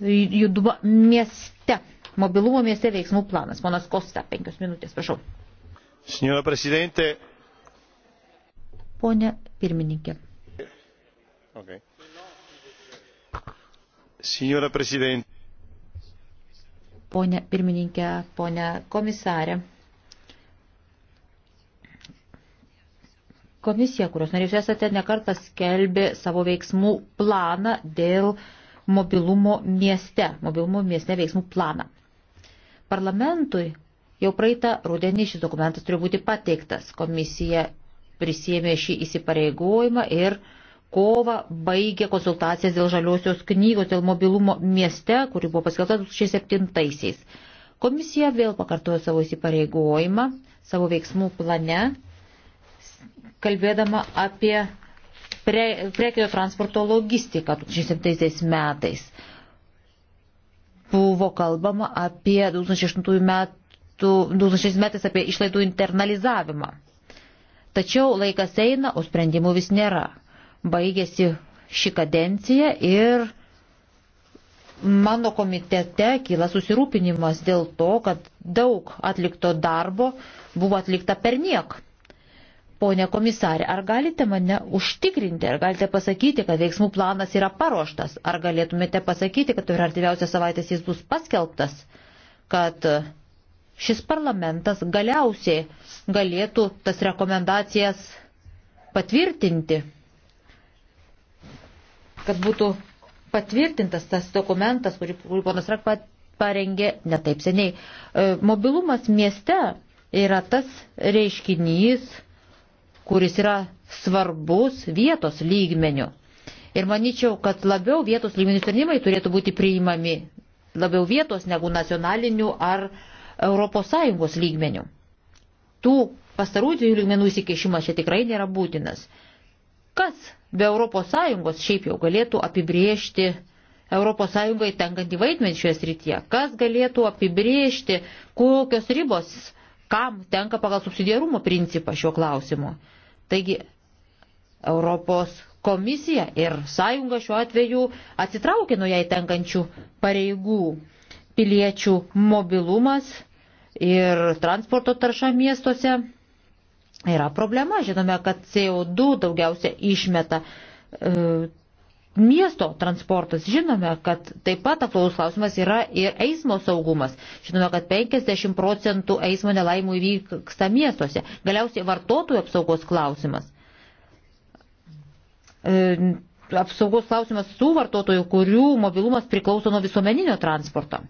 judumo mieste, mobilumo mieste veiksmų planas. Monas Kosta, penkios minutės, prašau. Signora Presidente. Pone pirmininkė. Okay. Signora Presidente. Pone pirmininkė, pone komisarė. Komisija, kurios narius esate, nekartą skelbė savo veiksmų planą dėl uh, mobilumo mieste, mobilumo mieste veiksmų planą. Parlamentui jau praeitą rudenį šis dokumentas turi būti pateiktas. Komisija prisėmė šį įsipareigojimą ir kovą baigė konsultacijas dėl žaliosios knygos, dėl mobilumo mieste, kuri buvo paskelbta 2007-aisiais. Komisija vėl pakartojo savo įsipareigojimą, savo veiksmų plane, kalbėdama apie pre, prekio transporto logistiką 2007 metais. Buvo kalbama apie 2008 metų, 2006 metais apie išlaidų internalizavimą. Tačiau laikas eina, o sprendimų vis nėra. Baigėsi ši kadencija ir mano komitete kyla susirūpinimas dėl to, kad daug atlikto darbo buvo atlikta per niek. Pone komisarė, ar galite mane užtikrinti, ar galite pasakyti, kad veiksmų planas yra paruoštas, ar galėtumėte pasakyti, kad per artimiausią savaitę jis bus paskelbtas, kad šis parlamentas galiausiai galėtų tas rekomendacijas patvirtinti, kad būtų patvirtintas tas dokumentas, kurį, kurį ponas Rak parengė netaip seniai. E, mobilumas mieste yra tas reiškinys, kuris yra svarbus vietos lygmeniu. Ir manyčiau, kad labiau vietos lygmenių sprendimai turėtų būti priimami labiau vietos negu nacionalinių ar ES lygmenių. Tų pastarųjų dviejų lygmenų įsikešimas čia tikrai nėra būtinas. Kas be ES šiaip jau galėtų apibriežti ES tenkantį vaidmenį šioje srityje? Kas galėtų apibriežti, kokios ribos, kam tenka pagal subsidiarumo principą šiuo klausimu? Taigi Europos komisija ir sąjunga šiuo atveju atsitraukė nuo jai tenkančių pareigų. Piliečių mobilumas ir transporto tarša miestuose yra problema. Žinome, kad CO2 daugiausia išmeta e, Miesto transportas, žinome, kad taip pat aktuolus klausimas yra ir eismo saugumas. Žinome, kad 50 procentų eismo nelaimų įvyksta miestuose. Galiausiai vartotojų apsaugos klausimas. E, apsaugos klausimas tų vartotojų, kurių mobilumas priklauso nuo visuomeninio transporto.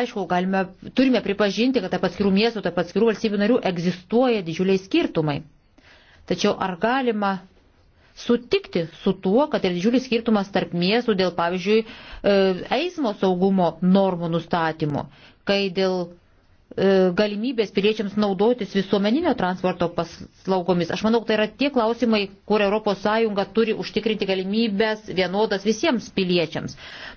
Aišku, galime, turime pripažinti, kad tarp atskirų miestų, tarp atskirų valstybių narių egzistuoja didžiuliai skirtumai. Tačiau ar galima sutikti su tuo, kad yra didžiulis skirtumas tarp miestų dėl, pavyzdžiui, e, eismo saugumo normų nustatymo, kai dėl E, galimybės piliečiams naudotis visuomeninio transporto paslaugomis. Aš manau, tai yra tie klausimai, kur ES turi užtikrinti galimybės vienodas visiems piliečiams.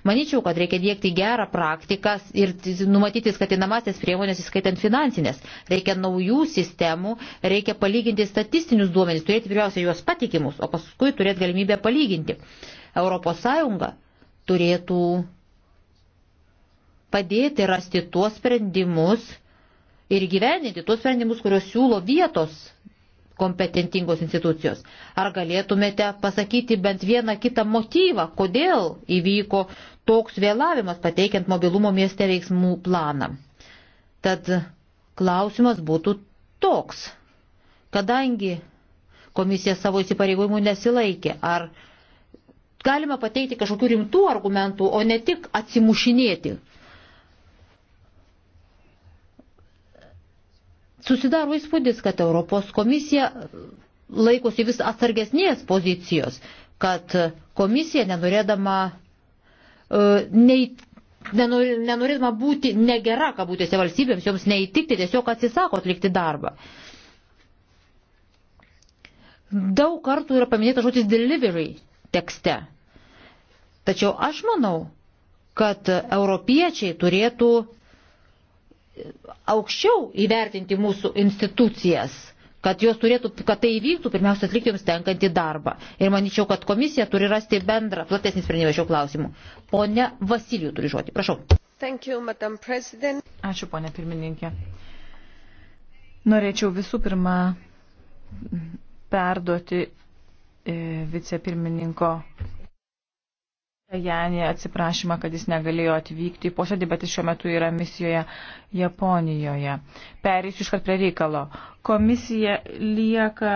Maničiau, kad reikia dėkti gerą praktiką ir numatyti skatinamasias priemonės, įskaitant finansinės. Reikia naujų sistemų, reikia palyginti statistinius duomenys, turėti pirmiausia juos patikimus, o paskui turėti galimybę palyginti. ES turėtų padėti rasti tuos sprendimus, ir gyveninti tuos sprendimus, kuriuos siūlo vietos kompetentingos institucijos. Ar galėtumėte pasakyti bent vieną kitą motyvą, kodėl įvyko toks vėlavimas pateikiant mobilumo mieste veiksmų planą? Tad klausimas būtų toks. Kadangi komisija savo įsipareigojimų nesilaikė, ar galima pateikti kažkokių rimtų argumentų, o ne tik atsimušinėti Susidaro įspūdis, kad Europos komisija laikosi vis atsargesnės pozicijos, kad komisija nenorėdama, e, nei, nenor, nenorėdama būti negera, kabutėse valstybėms, joms neįtikti, tiesiog atsisako atlikti darbą. Daug kartų yra paminėta žodis delivery tekste. Tačiau aš manau, kad europiečiai turėtų aukščiau įvertinti mūsų institucijas, kad jos turėtų, kad tai įvyktų, pirmiausia, atlikti jums tenkantį darbą. Ir manyčiau, kad komisija turi rasti bendrą, platesnį sprendimą šiuo klausimu. Pone Vasilijų turi žodį, prašau. Thank you, Ačiū, ponė pirmininkė. Norėčiau visų pirma perduoti e, vicepirmininko Janė atsiprašymą, kad jis negalėjo atvykti į posėdį, bet jis šiuo metu yra misijoje Japonijoje. Pereisiu iškart prie reikalo. Komisija lieka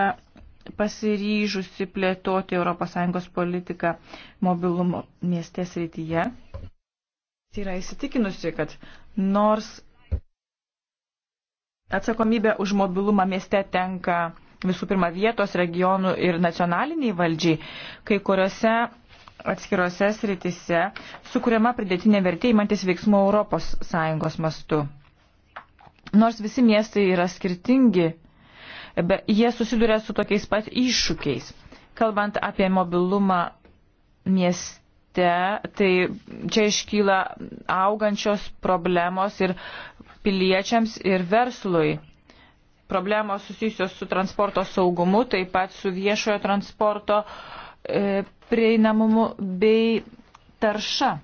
pasiryžusi plėtoti ES politiką mobilumo miestės rytyje. Jis yra įsitikinusi, kad nors atsakomybė už mobilumą mieste tenka visų pirma vietos, regionų ir nacionaliniai valdžiai, kai kuriuose atskirose sritise sukuriama pridėtinė vertė įmantis veiksmų Europos Sąjungos mastu. Nors visi miestai yra skirtingi, bet jie susiduria su tokiais pat iššūkiais. Kalbant apie mobilumą mieste, tai čia iškyla augančios problemos ir piliečiams ir verslui. Problemos susijusios su transporto saugumu, taip pat su viešojo transporto e, prieinamumu bei tarša.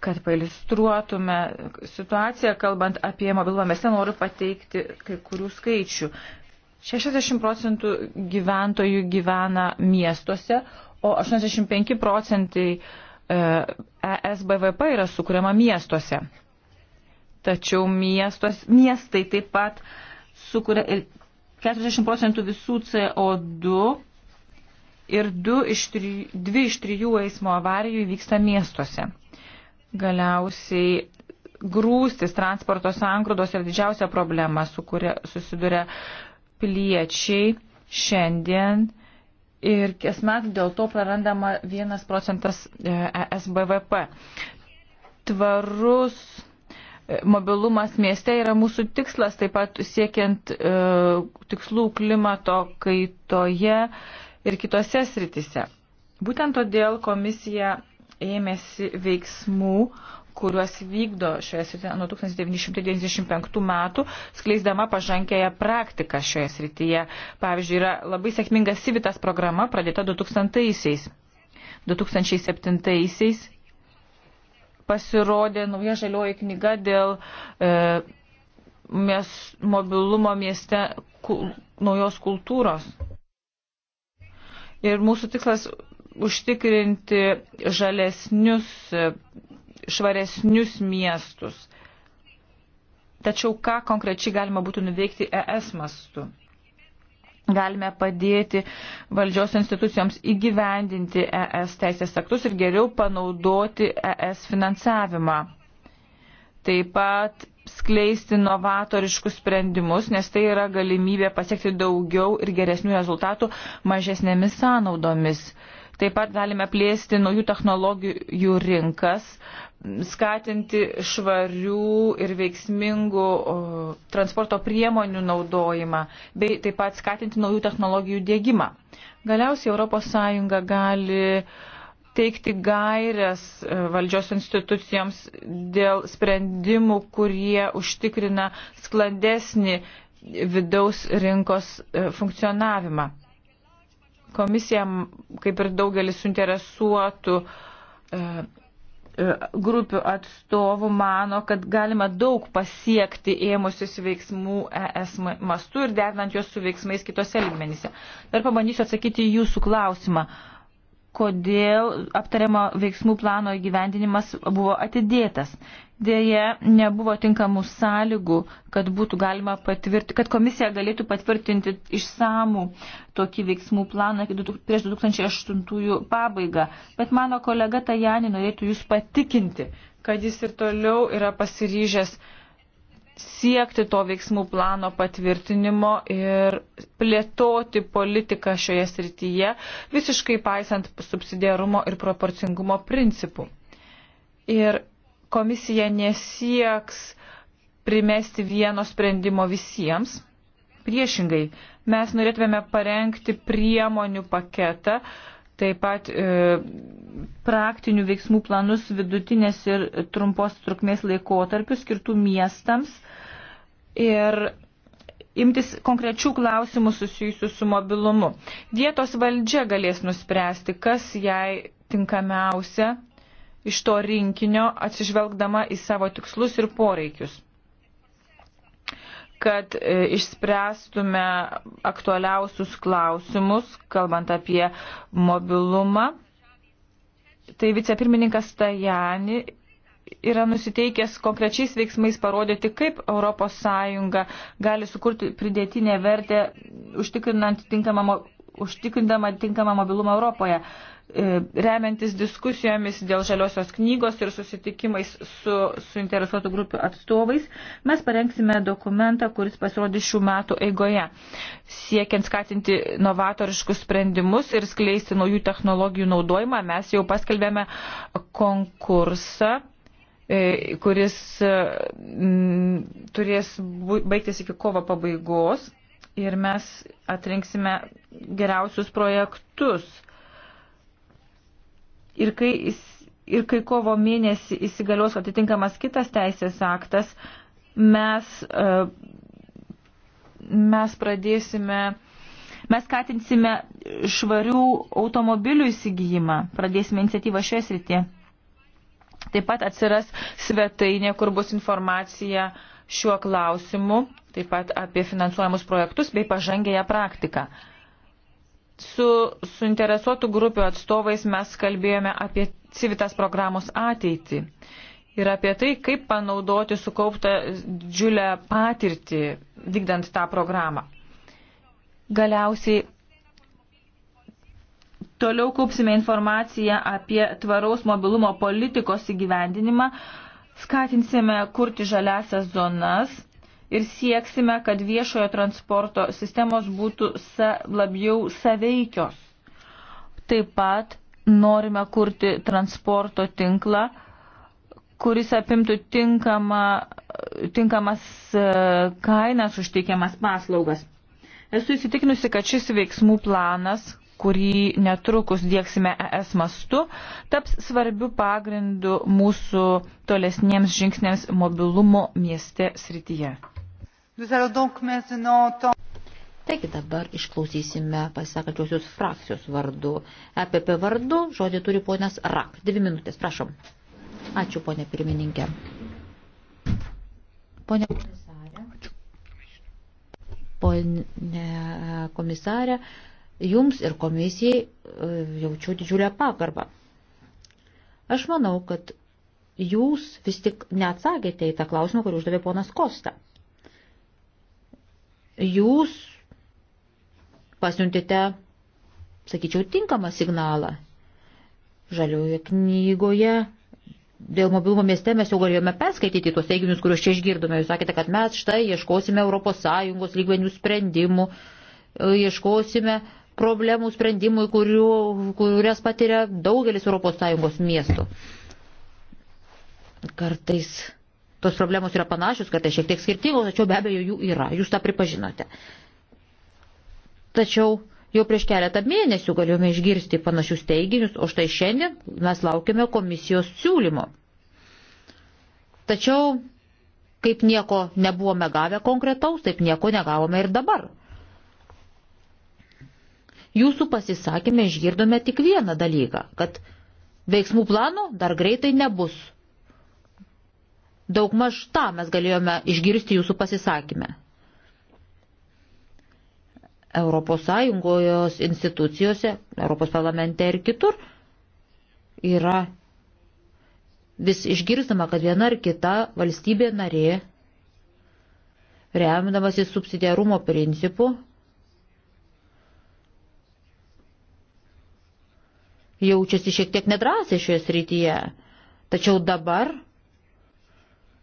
Kad pailistruotume situaciją, kalbant apie mobilumą, mes noriu pateikti kai kurių skaičių. 60 procentų gyventojų gyvena miestuose, o 85 procentai ESBVP e yra sukuriama miestuose. Tačiau miestos, miestai taip pat sukuria 40 procentų visų CO2 ir du iš tri, dvi iš trijų eismo avarijų vyksta miestuose. Galiausiai grūstis transporto sangrūdos yra didžiausia problema, su kuria susiduria piliečiai šiandien. Ir kasmet dėl to prarandama 1 procentas e, e SBVP. Tvarus e, mobilumas mieste yra mūsų tikslas, taip pat siekiant e, tikslų klimato kaitoje ir kitose sritise. Būtent todėl komisija ėmėsi veiksmų, kuriuos vykdo šioje srityje nuo 1995 metų, skleisdama pažankėją praktiką šioje srityje. Pavyzdžiui, yra labai sėkminga Sivitas programa pradėta 2000-aisiais. 2007-aisiais pasirodė nauja žalioji knyga dėl e, mies, mobilumo mieste ku, naujos kultūros. Ir mūsų tikslas užtikrinti žalesnius, švaresnius miestus. Tačiau ką konkrečiai galima būtų nuveikti ES mastu? Galime padėti valdžios institucijoms įgyvendinti ES teisės aktus ir geriau panaudoti ES finansavimą. Taip pat skleisti novatoriškus sprendimus, nes tai yra galimybė pasiekti daugiau ir geresnių rezultatų mažesnėmis sąnaudomis. Taip pat galime plėsti naujų technologijų rinkas, skatinti švarių ir veiksmingų transporto priemonių naudojimą, bei taip pat skatinti naujų technologijų dėgymą. Galiausiai ES gali uh, teikti gairias e, valdžios institucijoms dėl sprendimų, kurie užtikrina sklandesnį vidaus rinkos e, funkcionavimą. Komisija, kaip ir daugelis suinteresuotų e, grupių atstovų, mano, kad galima daug pasiekti ėmusis veiksmų ES mastu ir dernant juos su veiksmais kitose lygmenyse. Dar pabandysiu atsakyti jūsų klausimą. Uh, kodėl aptariamo veiksmų plano įgyvendinimas buvo atidėtas. Dėje nebuvo tinkamų sąlygų, kad, kad komisija galėtų patvirtinti išsamų tokį veiksmų planą prieš 2008 pabaigą. Bet mano kolega Tajani norėtų jūs patikinti, kad jis ir toliau yra pasiryžęs uh, siekti to veiksmų plano patvirtinimo ir plėtoti politiką šioje srityje, visiškai paisant subsidiarumo ir proporcingumo principų. Ir komisija nesieks primesti vieno sprendimo visiems. Priešingai, mes norėtume parengti priemonių paketą, uh, taip pat e, praktinių veiksmų planus vidutinės ir trumpos trukmės laikotarpių skirtų miestams ir imtis konkrečių klausimų susijusių su mobilumu. Vietos valdžia galės nuspręsti, kas jai tinkamiausia iš to rinkinio atsižvelgdama į savo tikslus ir poreikius kad e, išspręstume aktualiausius klausimus, kalbant apie mobilumą. Tai vicepirmininkas Tajani yra nusiteikęs konkrečiais veiksmais parodyti, kaip ES gali sukurti pridėtinę vertę, užtikrindama tinkamą mobilumą Europoje. E, remiantis diskusijomis dėl žaliosios knygos ir susitikimais su suinteresuotų grupių atstovais, mes parengsime dokumentą, kuris pasirodys šių metų eigoje, siekiant skatinti novatoriškus sprendimus ir skleisti naujų technologijų naudojimą. Mes jau paskelbėme konkursą e, kuris mm, turės baigtis iki kovo pabaigos ir mes atrinksime geriausius projektus ir kai, ir kai kovo mėnesį įsigalios atitinkamas kitas teisės aktas, mes, e, mes pradėsime, mes skatinsime švarių automobilių įsigijimą, pradėsime iniciatyvą šioje srityje. Taip pat atsiras svetainė, kur bus informacija šiuo klausimu, taip pat apie finansuojamus projektus bei pažangėją praktiką. Su suinteresuotų grupių atstovais mes kalbėjome apie civitas programos ateitį ir apie tai, kaip panaudoti sukauptą didžiulę patirtį vykdant tą programą. Galiausiai toliau kaupsime informaciją apie tvaraus mobilumo politikos įgyvendinimą, skatinsime kurti žaliasias zonas ir sieksime, kad viešojo transporto sistemos būtų sa, labiau saveikios. Taip pat norime kurti transporto tinklą, kuris apimtų tinkamą, tinkamas e, kainas užteikiamas paslaugas. Esu įsitikinusi, kad šis veiksmų planas, kurį netrukus dieksime ES mastu, taps svarbiu pagrindu mūsų tolesniems žingsnėms mobilumo mieste srityje. Taigi dabar išklausysime pasisakančiosios frakcijos vardu. EPP vardu žodį turi ponas Rak. Dvi minutės, prašom. Ačiū, ponė pirmininkė. Ponė komisarė. Ponė komisarė, jums ir komisijai e, jaučiu didžiulę pagarbą. Aš manau, kad jūs vis tik neatsakėte į tą klausimą, kurį uždavė ponas Kosta jūs pasiuntėte, sakyčiau, tinkamą signalą. Žalioje knygoje dėl mobilumo mieste mes jau galėjome perskaityti tuos teiginius, kuriuos čia išgirdome. Jūs sakėte, kad mes štai ieškosime ES lygmenių sprendimų, ieškosime problemų sprendimų, kurių, kurias patiria daugelis ES miestų. Kartais Tos problemos yra panašios, kad tai šiek tiek skirtingos, tačiau be abejo jų yra, jūs tą pripažinote. Tačiau jau prieš keletą mėnesių galėjome išgirsti panašius teiginius, o štai šiandien mes laukiame komisijos siūlymo. Tačiau, kaip nieko nebuvome gavę konkretaus, taip nieko negavome ir dabar. Jūsų pasisakymė išgirdome tik vieną dalyką, kad veiksmų plano dar greitai nebus, Daug maž tą mes galėjome išgirsti jūsų pasisakymę. Europos Sąjungos institucijose, Europos parlamente ir kitur yra vis išgirstama, kad viena ar kita valstybė narė, remdamasi subsidiarumo principu, jaučiasi šiek tiek nedrasiai šioje srityje. Tačiau dabar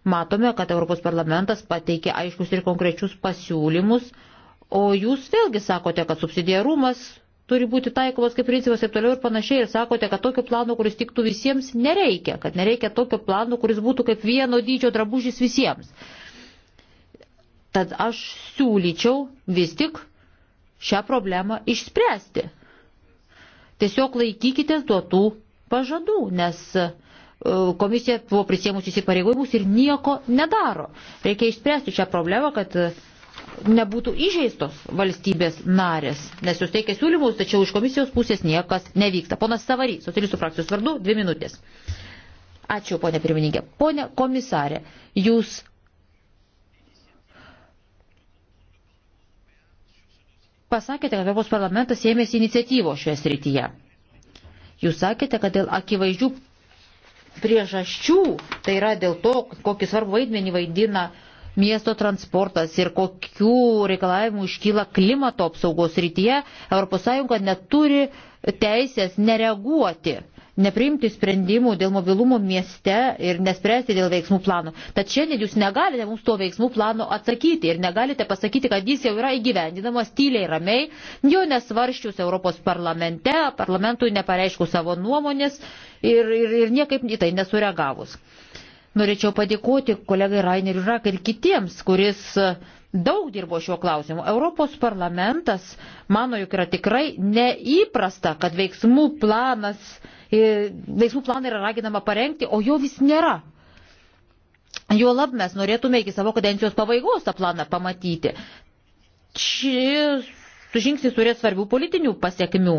matome, kad Europos parlamentas pateikė aiškus ir konkrečius pasiūlymus, o jūs vėlgi sakote, kad subsidiarumas turi būti taikomas kaip principas ir toliau ir panašiai, ir sakote, kad tokio plano, kuris tiktų visiems, nereikia, kad nereikia tokio plano, kuris būtų kaip vieno dydžio drabužys visiems. Tad aš siūlyčiau vis tik šią problemą išspręsti. Tiesiog laikykitės duotų pažadų, nes uh, E, komisija buvo prisėmusi įsipareigojimus ir nieko nedaro. Reikia išspręsti šią problemą, kad e, nebūtų įžeistos valstybės narės, nes jūs teikia siūlymus, tačiau iš komisijos pusės niekas nevyksta. Ponas Savary, socialistų frakcijos vardu, dvi minutės. Ačiū, ponė pirmininkė. Pone komisarė, jūs pasakėte, kad Europos parlamentas ėmėsi iniciatyvo šioje srityje. Jūs sakėte, kad dėl akivaizdžių priežasčių, tai yra dėl to, kokį svarbų vaidmenį vaidina miesto transportas ir kokių reikalavimų iškyla klimato apsaugos rytyje, ES neturi teisės nereaguoti nepriimti sprendimų dėl mobilumo mieste ir nespręsti dėl veiksmų plano. Tad šiandien jūs negalite mums to veiksmų plano atsakyti ir negalite pasakyti, kad jis jau yra įgyvendinamas tyliai ramiai, jo nesvarščius Europos parlamente, parlamentui nepareiškus savo nuomonės ir, ir, ir niekaip į tai nesureagavus. Norėčiau padėkoti kolegai Raineriu Žak ir kitiems, kuris uh, daug dirbo šiuo klausimu. Europos parlamentas, mano juk, yra tikrai neįprasta, kad veiksmų, planas, e, veiksmų planą yra raginama parengti, o jo vis nėra. Juolab mes norėtume iki savo kadencijos pabaigos tą planą pamatyti. Šis žingsnis turės svarbių politinių pasiekmių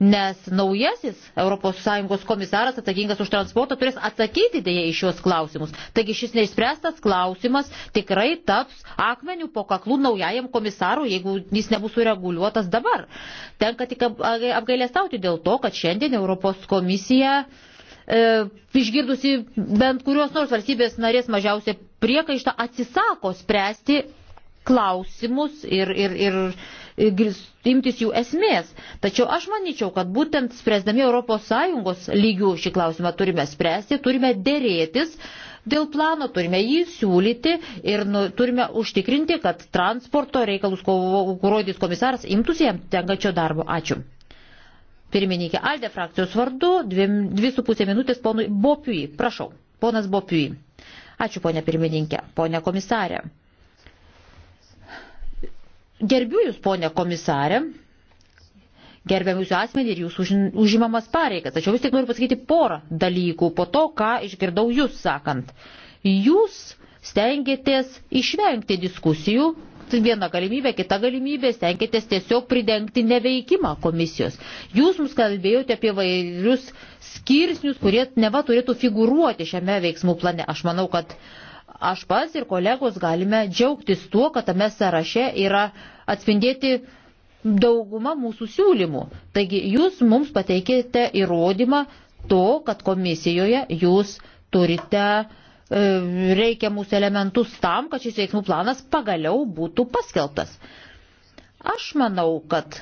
nes naujasis ES komisaras atsakingas už transportą turės atsakyti dėje į šios klausimus. Taigi šis neišspręstas klausimas tikrai taps akmenių po kaklų naujajam komisarui, jeigu jis nebus sureguliuotas dabar. Tenka tik apgailestauti dėl to, kad šiandien Europos komisija e, išgirdusi bent kurios nors valstybės narės mažiausiai priekaištą atsisako spręsti klausimus ir, ir, ir E, imtis jų esmės. Tačiau aš manyčiau, kad būtent spręsdami ES lygių šį klausimą turime spręsti, turime dėrėtis dėl plano, turime jį siūlyti ir nu, turime užtikrinti, kad transporto reikalus kuruojantis komisaras imtųsi jam tenkačio darbo. Ačiū. Pirmininkė Aldė frakcijos vardu, dvi, dvi su pusė minutės ponui Bopiui. Prašau, ponas Bopiui. Ačiū, ponė pirmininkė, ponė komisarė. Gerbiu Jūs, ponė komisarė, gerbiam Jūsų asmenį ir Jūsų užimamas pareigas, tačiau vis tik noriu pasakyti porą dalykų po to, ką išgirdau Jūs sakant. Jūs stengiatės išvengti diskusijų, tai viena galimybė, kita galimybė, stengiatės tiesiog pridengti neveikimą komisijos. Jūs mums kalbėjote apie vairius skirsnius, kurie neva turėtų figuruoti šiame veiksmų plane. Aš manau, kad uh, Aš pats ir kolegos galime džiaugtis tuo, kad tame sąraše yra atspindėti dauguma mūsų siūlymų. Taigi jūs mums pateikėte įrodymą to, kad komisijoje jūs turite e, reikiamus elementus tam, kad šis veiksmų planas pagaliau būtų paskeltas. Aš manau, kad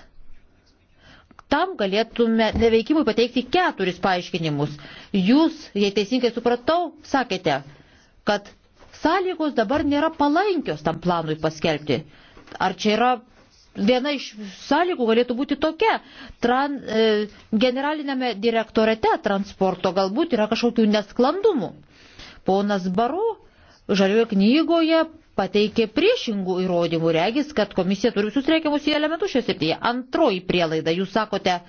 tam galėtume neveikimui pateikti keturis paaiškinimus. Jūs, jei teisingai supratau, sakėte, kad sąlygos dabar nėra palankios tam planui paskelbti. Ar čia yra viena iš sąlygų galėtų būti tokia. Tran, e, generalinėme direktorete transporto galbūt yra kažkokių nesklandumų. Ponas Baru žalioje knygoje pateikė priešingų įrodymų, regis, kad komisija turi visus reikiamus į elementus šios srityje. Antroji prielaida, jūs sakote,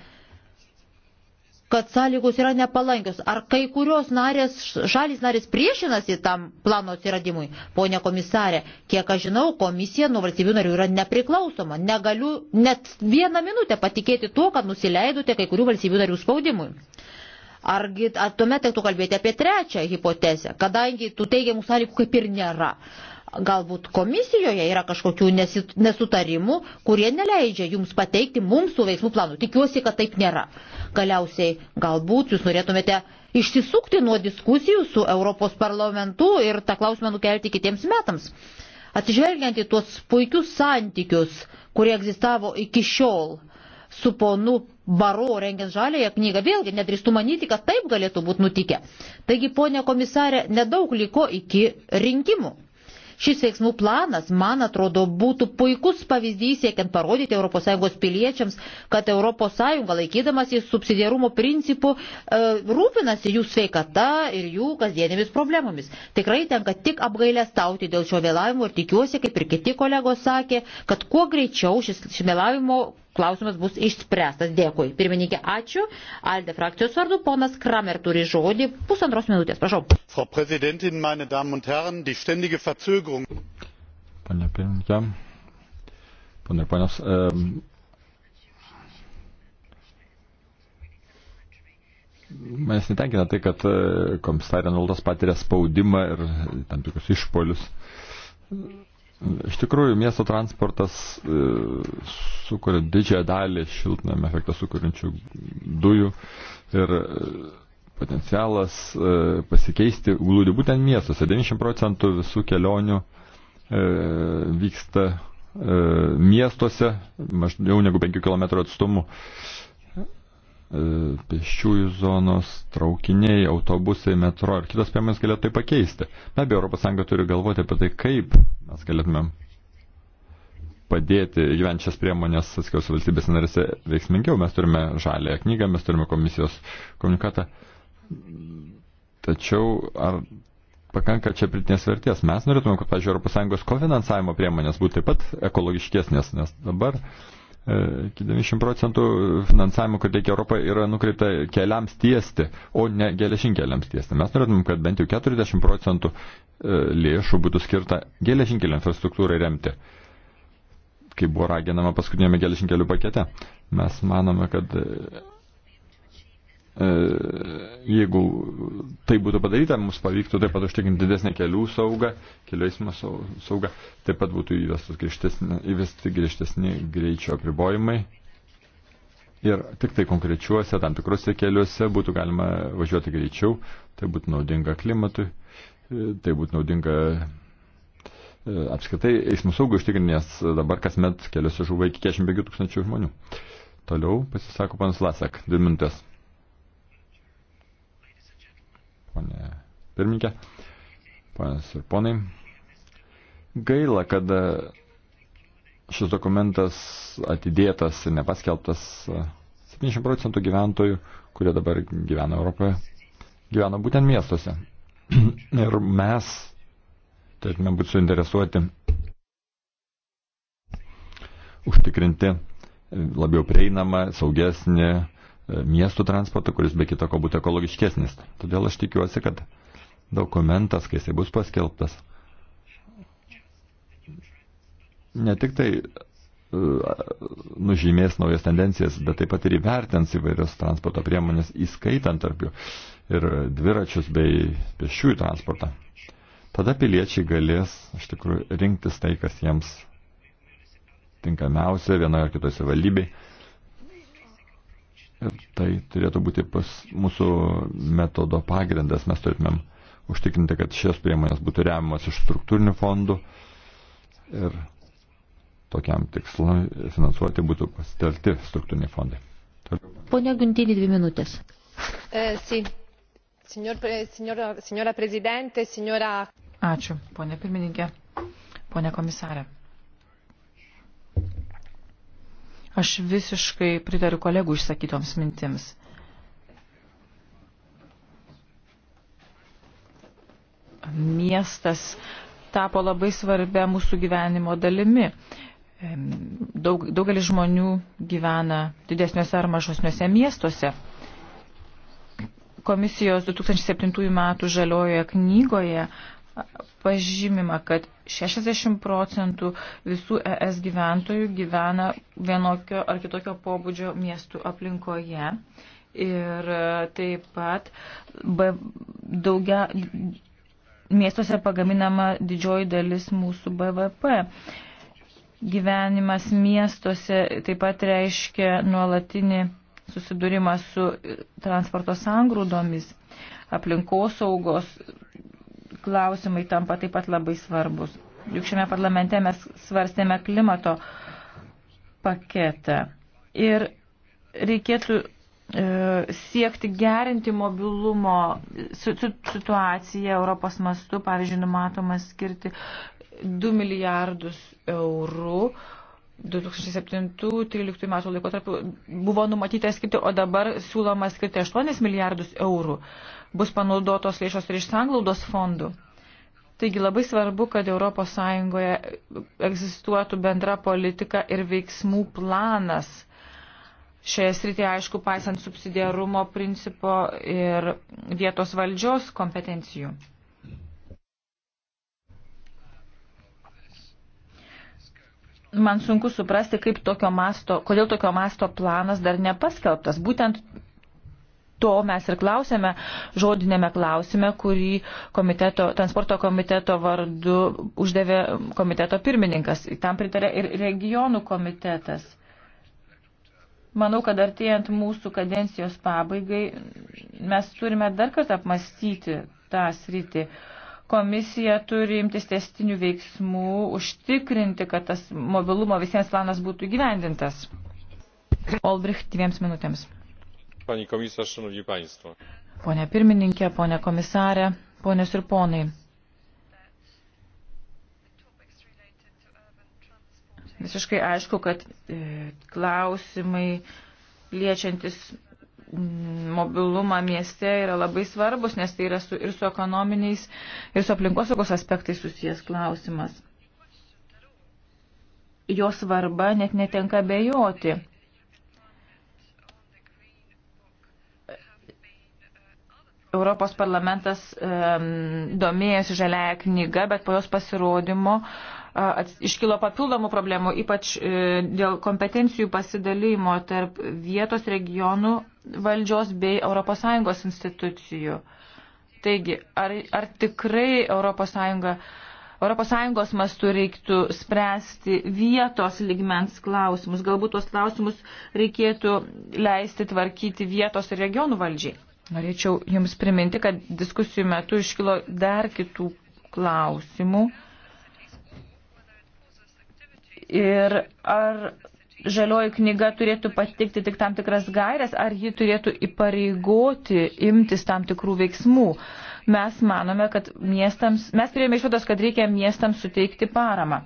kad sąlygos yra nepalankios. Ar kai kurios narės, šalis narės priešinasi tam plano atsiradimui? Pone komisarė, kiek aš žinau, komisija nuo valstybių narių yra nepriklausoma. Negaliu net vieną minutę patikėti tuo, kad nusileidote kai kurių valstybių narių spaudimui. Argi ar tuomet tektų kalbėti apie trečią hipotezę, kadangi tų teigiamų sąlygų kaip ir nėra. Galbūt komisijoje yra kažkokių nesutarimų, kurie neleidžia jums pateikti mums tų veiksmų planų. Tikiuosi, kad taip nėra. Galiausiai galbūt jūs norėtumėte išsisukti nuo diskusijų su Europos parlamentu ir tą klausimą nukelti kitiems metams. Atsižvelgiant į tuos puikius santykius, kurie egzistavo iki šiol su ponu Baro rengiant žalėje knygą, vėlgi nedrįstu manyti, kad taip galėtų būti nutikę. Taigi, ponė komisarė, nedaug liko iki rinkimų. Šis veiksmų planas, man atrodo, būtų puikus pavyzdys siekiant parodyti ES piliečiams, kad ES laikydamas į subsidiarumo principų e, rūpinasi jų sveikata ir jų kasdienėmis problemomis. Tikrai tenka tik apgailę stauti dėl šio vėlavimo ir tikiuosi, kaip ir kiti kolegos sakė, kad kuo greičiau šis, šis vėlavimo klausimas bus išspręstas. Dėkui. Pirmininkė, ačiū. Alde frakcijos vardu, ponas Kramer turi žodį. Pusantros minutės, prašau. Frau Präsidentin, meine Damen und Herren, die ständige Verzögerung. Pane pirmininkė, pane ir panas. E, Mes netenkina tai, kad e, komisarė nuolatos patiria spaudimą ir tam tikrus išpolius. Iš tikrųjų, miesto transportas e, sukuria didžiąją dalį šiltnamio efektą sukuriančių dujų ir e, potencialas e, pasikeisti glūdi būtent miestuose. 90 procentų visų kelionių vyksta miestuose, maždaug negu 5 km atstumu. E, pėsčiųjų zonos, traukiniai, autobusai, metro ir kitos priemonės galėtų tai pakeisti. Be abejo, ES turi galvoti apie tai, kaip mes galėtumėm padėti gyvenčias priemonės atskiaus valstybės narėse veiksmingiau. Mes turime žalę knygą, mes turime komisijos komunikatą. Tačiau ar pakanka čia pritinės vertės? Mes norėtume, kad, pažiūrėjau, ES kofinansavimo priemonės būtų taip pat ekologiškesnės, nes dabar uh, iki 90 procentų finansavimo, kur teikia Europą, yra nukreipta keliams tiesti, o ne geležinkeliams tiesti. Mes norėtumėm, kad bent jau 40 procentų e, lėšų būtų skirta geležinkelio infrastruktūrai remti, kaip buvo raginama paskutinėme geležinkelių pakete. Mes manome, kad e, E, jeigu tai būtų padaryta, mums pavyktų taip pat užtikrinti didesnę kelių saugą, kelių eismo saugą, taip pat būtų įvesti griežtesni greičio apribojimai. Ir tik tai konkrečiuose, tam tikrose keliuose būtų galima važiuoti greičiau, tai būtų naudinga klimatui, e, tai būtų naudinga e, apskritai eismo saugų užtikrinės dabar kasmet keliuose žuva iki 45 tūkstančių žmonių. Toliau pasisako panas Lasak, dvi minutės. ponė pirmininkė, ponės ir ponai. Gaila, kad e, šis dokumentas atidėtas ir nepaskelbtas 70 e, procentų gyventojų, kurie dabar gyvena Europoje, gyvena būtent miestuose. ir mes turėtume būti suinteresuoti užtikrinti labiau prieinamą, saugesnį, miestų transportą, kuris be kita ko būtų ekologiškesnis. Todėl aš tikiuosi, kad dokumentas, kai jisai bus paskelbtas, ne tik tai e, nužymės naujas tendencijas, bet taip pat ir įvertins įvairios transporto priemonės, įskaitant tarp jų ir dviračius bei pešiųjų transportą. Tada piliečiai galės iš tikrųjų rinktis tai, kas jiems tinkamiausia vienoje ar kitoje valdybėje Ir tai turėtų būti pas mūsų metodo pagrindas. Mes turėtumėm užtikrinti, kad šias priemonės būtų remiamas iš struktūrinių fondų. Ir tokiam tikslui finansuoti būtų pasitelti struktūriniai fondai. Pone Guntinį, dvi minutės. E, eh, si. Signor, signora, signora prezidente, signora. Ačiū, ponė pirmininkė, ponė komisarė. Aš visiškai pritariu kolegų išsakytoms mintims. Miestas tapo labai svarbia mūsų gyvenimo dalimi. Daug, daugelis žmonių gyvena didesniuose ar mažesniuose miestuose. Komisijos 2007 metų žaliojoje knygoje pažymima, kad 60 procentų visų ES gyventojų gyvena vienokio ar kitokio pobūdžio miestų aplinkoje. Ir e, taip pat daugia, miestuose pagaminama didžioji dalis mūsų BVP. Gyvenimas miestuose taip pat reiškia nuolatinį susidūrimą su transporto sangrūdomis, aplinkosaugos klausimai tampa taip pat labai svarbus. Juk šiame parlamente mes svarstėme klimato paketą. Ir reikėtų e, siekti gerinti mobilumo situaciją Europos mastu, pavyzdžiui, numatoma skirti 2 milijardus eurų. 2007-2013 metų laikotarpiu buvo numatyta skirti, o dabar siūloma skirti 8 milijardus eurų. Uh, bus panaudotos lėšos ir iš sanglaudos fondų. Taigi labai svarbu, kad ES egzistuotų bendra politika ir veiksmų planas. Šioje srityje, aišku, paisant subsidiarumo principo ir vietos valdžios kompetencijų. man sunku suprasti, kaip tokio masto, kodėl tokio masto planas dar nepaskelbtas. Būtent to mes ir klausėme žodinėme klausime, kurį komiteto, transporto komiteto vardu uždavė komiteto pirmininkas. Tam pritarė ir regionų komitetas. Manau, kad artėjant mūsų kadencijos pabaigai mes turime dar kartą apmastyti tą sritį. Komisija turi imtis testinių veiksmų, užtikrinti, kad tas mobilumo visiems planas būtų gyvendintas. Olbricht dviems minutėms pani komisarz, szanowni państwo. Pone pirmininkė, pone komisarė, ponios ir ponai. Visiškai aišku, kad e, klausimai liečiantis mobilumą mieste yra labai svarbus, nes tai yra su, ir su ekonominiais, ir su aplinkosaugos aspektais susijęs klausimas. Jo svarba net netenka bejoti. Europos parlamentas um, domėjosi žaliaja knyga, bet po jos pasirodymo uh, iškilo papildomų problemų, ypač uh, dėl kompetencijų pasidalymo tarp vietos regionų valdžios bei ES institucijų. Taigi, ar, ar tikrai ES ES mastu reiktų spręsti vietos ligmens klausimus. Galbūt tuos klausimus reikėtų leisti tvarkyti vietos ir regionų valdžiai. Norėčiau Jums priminti, kad diskusijų metu iškilo dar kitų klausimų. Ir ar žalioji knyga turėtų patikti tik tam tikras gairias, ar ji turėtų įpareigoti imtis tam tikrų veiksmų. Mes manome, kad miestams, mes priėmė išvados, kad reikia miestams suteikti paramą.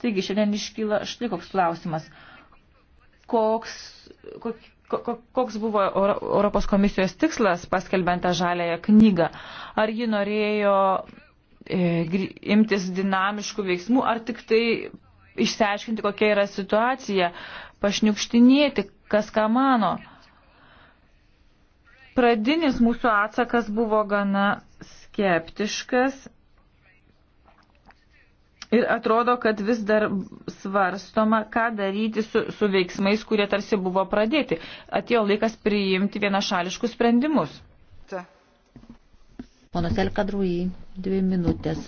Taigi šiandien iškyla štai koks klausimas. Koks, kok, koks buvo Europos komisijos tikslas paskelbentą žalėją knygą? Ar ji norėjo e, imtis dinamiškų veiksmų, ar tik tai išsiaiškinti, kokia yra situacija, pašniukštinėti, kas ką mano? Pradinis mūsų atsakas buvo gana skeptiškas Ir atrodo, kad vis dar svarstoma, ką daryti su, su veiksmais, kurie tarsi buvo pradėti. Atėjo laikas priimti vienašališkus sprendimus. Ta. Ponas Elkadrui, dvi minutės.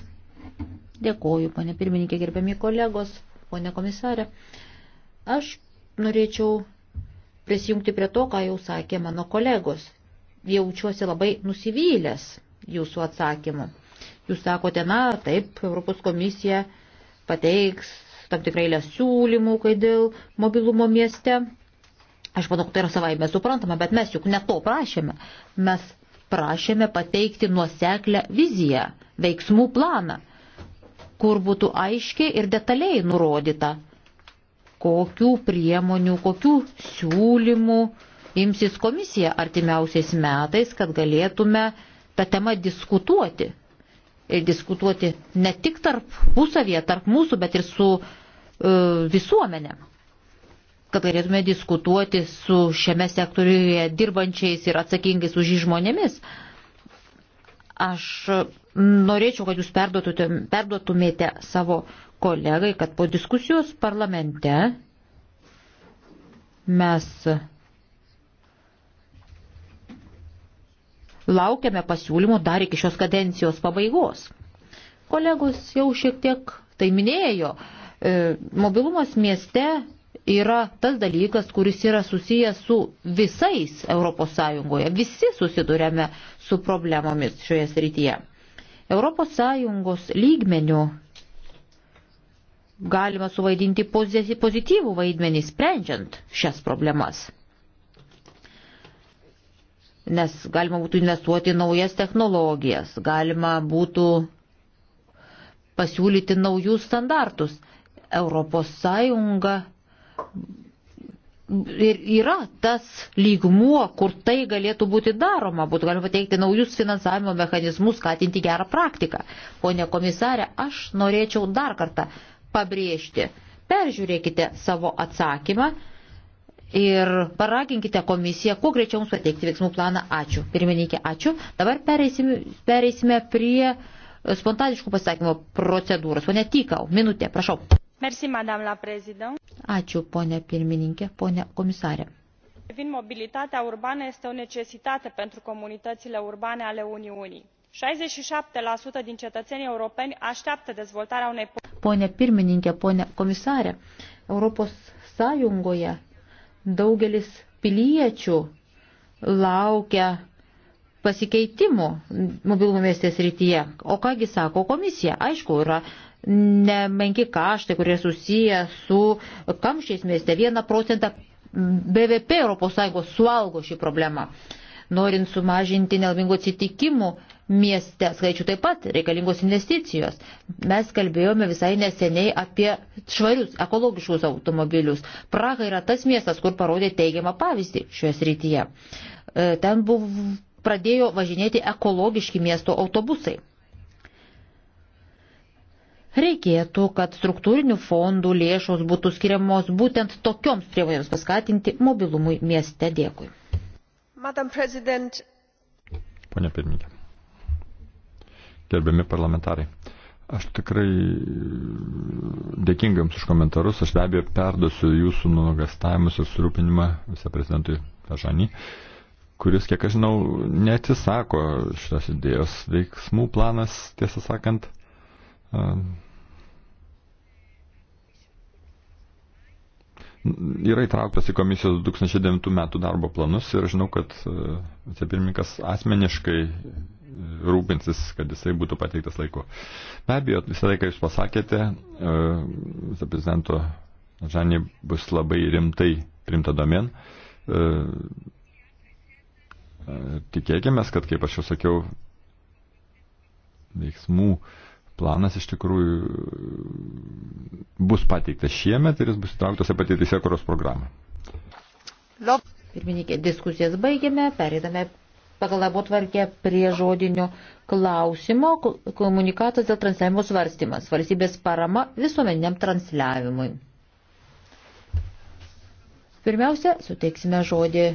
Dėkoju, ponė pirmininkė, gerbiami kolegos, ponė komisarė. Aš norėčiau prisijungti prie to, ką jau sakė mano kolegos. Jaučiuosi labai nusivylęs jūsų atsakymu. Jūs sakote, na, taip, Europos komisija pateiks tam tikrai lėsiūlymų, kai dėl mobilumo mieste. Aš manau, tai yra savai mes suprantame, bet mes juk ne to prašėme. Mes prašėme pateikti nuoseklę viziją, veiksmų planą, kur būtų aiškiai ir detaliai nurodyta, kokių priemonių, kokių siūlymų imsis komisija artimiausiais metais, kad galėtume tą temą diskutuoti ir diskutuoti ne tik tarp pusavėje, tarp mūsų, bet ir su e, visuomenė, kad galėtume diskutuoti su šiame sektoriuje dirbančiais ir atsakingais už jį žmonėmis. Aš norėčiau, kad jūs perduotumėte savo kolegai, kad po diskusijos parlamente mes Laukiame pasiūlymų dar iki šios kadencijos pabaigos. Kolegos jau šiek tiek tai minėjo, e, mobilumas mieste yra tas dalykas, kuris yra susijęs su visais ES. Visi susidurėme su problemomis šioje srityje. ES lygmenių galima suvaidinti pozityvų vaidmenį sprendžiant šias problemas nes galima būtų investuoti į naujas technologijas, galima būtų pasiūlyti naujus standartus. Europos Sąjunga ir yra tas lygmuo, kur tai galėtų būti daroma, būtų galima pateikti naujus finansavimo mechanizmus, skatinti gerą praktiką. Pone komisarė, aš norėčiau dar kartą pabrėžti, peržiūrėkite savo atsakymą ir paraginkite komisiją kuo greičiau mums pateikti veiksmų planą. Ačiū. Pirmininkė, ačiū. Dabar pereisime, pereisime prie spontaniškų pasakymo procedūros. Pone Tykau, minutė, prašau. Merci, madame la président. Ačiū, ponė pirmininkė, ponė komisarė. Privind mobilitatea urbană este o necesitate pentru comunitățile urbane ale Uniunii. 67% din cetățenii europeni așteaptă dezvoltarea unei... Pone pirmininkė, pone komisarė, Europos Sąjungoje daugelis piliečių laukia pasikeitimų mobilumo miestės rytyje. O kągi sako komisija? Aišku, yra nemenki kaštai, kurie susiję su kamščiais mieste. Vieną procentą BVP ES suvalgo šį problemą. Norint sumažinti nelvingo atsitikimų mieste skaičių taip pat reikalingos investicijos. Mes kalbėjome visai neseniai apie švarius, ekologiškus automobilius. Praha yra tas miestas, kur parodė teigiamą pavyzdį šioje srityje. E, ten buvo, pradėjo važinėti ekologiški miesto autobusai. Reikėtų, kad struktūrinių fondų lėšos būtų skiriamos būtent tokioms priemonėms paskatinti mobilumui mieste. Dėkui. Madam President. Pone pirmininkė gerbiami parlamentarai. Aš tikrai dėkinga Jums už komentarus, aš be abejo perduosiu Jūsų nuogastavimus ir surūpinimą viceprezidentui Fežanį, kuris, kiek aš žinau, neatsisako šitas idėjos veiksmų planas, tiesą sakant, um, yra įtrauktas į komisijos 2009 metų darbo planus ir žinau, kad e, vicepirmininkas asmeniškai e, rūpinsis, kad jisai būtų pateiktas laiku. Be abejo, visą laiką jūs pasakėte, e, viceprezidento Žanė bus labai rimtai primta domen. Tikėkime, kad, kaip aš jau sakiau, veiksmų uh, planas iš tikrųjų e, bus pateiktas šiemet ir jis bus įtrauktas apie tai teisėkuros programą. Pirmininkė, diskusijas baigėme, perėdame pagal labo tvarkę prie žodinio klausimo komunikatas dėl transliavimo svarstymas, valstybės parama visuomeniniam transliavimui. Pirmiausia, suteiksime žodį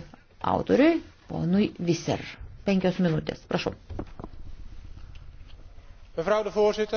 autoriui, ponui Viser. Penkios minutės, prašau. Mevrouw de voorzitter.